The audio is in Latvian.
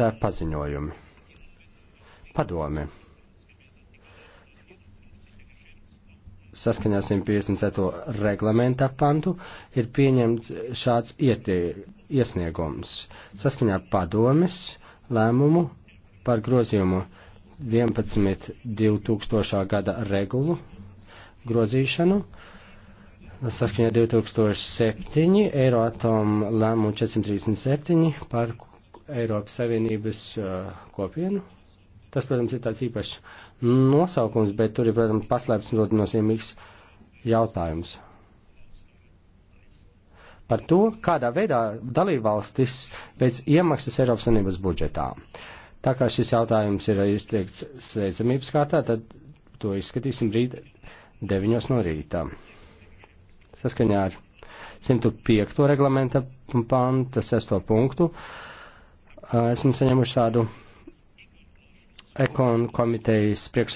Tā ir paziņojumi. Padomi. Saskaņā 157. reglamenta pantu ir pieņemts šāds ietie, iesniegums. Saskaņā padomis lēmumu par grozījumu 11. 2000. gada regulu grozīšanu saskaņā 2007 Eiroatom lēmumu 437 par Eiropas Savienības kopienu. Tas, protams, ir tāds īpašs nosaukums, bet tur ir, protams, paslēpts ļoti nozīmīgs jautājums. Par to, kādā veidā dalībvalstis veic iemaksas Eiropas Savienības budžetā. Tā kā šis jautājums ir izteikts steidzamības kārtā, tad to izskatīsim rīt 9 no rīta. Saskaņā ar 105. reglamenta pantu, 6. punktu. Esmu saņēmuši šādu ekonu komitejas priekš